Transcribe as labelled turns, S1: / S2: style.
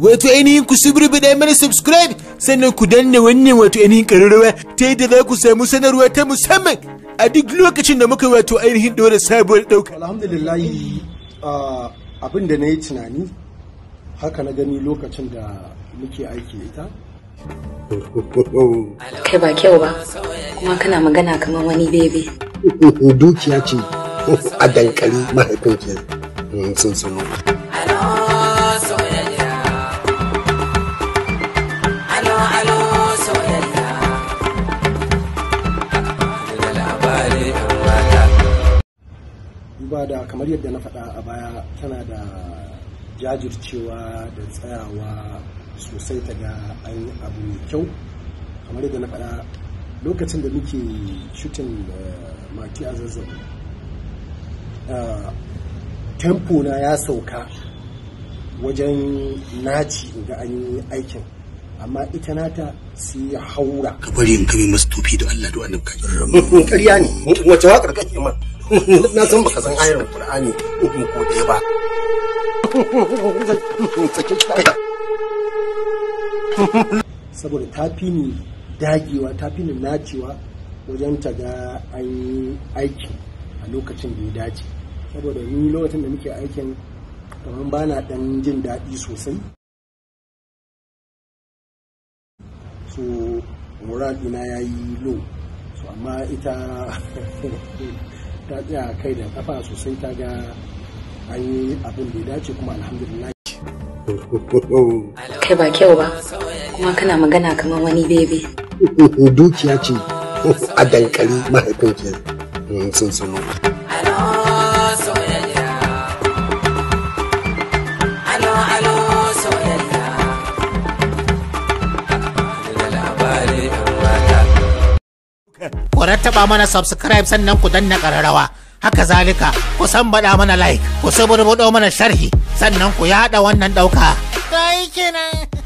S1: wato ainihin ku suburbuɗe mana subscribe sannan ku danna wannan wato ainihin ƙararrawa ta yadda za ku samu sanarwa ta musamman a duk lokacin da muka wato ainihin ɗora sabuwar
S2: ɗauka. alhamdulillahi ah, abin da na yi tunani haka na gani
S3: lokacin da muke aiki ita kai ba kyau ba kuma kana magana kamar wani bebe
S1: dukiya ce a dankali mahaifin ke mm, sun sanu
S2: duba da kamar yadda na faɗa a baya tana da jajircewa da tsayawa sosai ta ga an yi abu mai kyau kamar yadda na faɗa lokacin da muke shutin eh, maki a zazzabi eh, tempo na ya sauka wajen naci ga an yi aikin amma ita nata su yi haura ka bari in kame masu tofi da Allah da annabi ramu ƙarya ne wacce waƙar kake na san baka san ayar Qur'ani ko ɗaya ba saboda ta ni dagewa ta fi ni nacewa wajen ta ga an yi aiki a lokacin da ya dace saboda ni lokacin da muke aikin kamar ba na ɗan jin daɗi sosai so moral ɗina ya yi low so amma ita ta a kai da kafa
S3: sosai ta ga an yi abin da ya dace kuma alhamdulillah kai ba kyau ba kuma kana magana kamar wani bebe
S1: dukiya ce a dankali mahaifin ke hmm, sun sunu ku rattaba mana subscribe sannan ku danna kararrawa haka zalika ku san baɗa mana like ku suburbuɗo mana sharhi sannan ku yada wannan ɗauka. Ta kenan.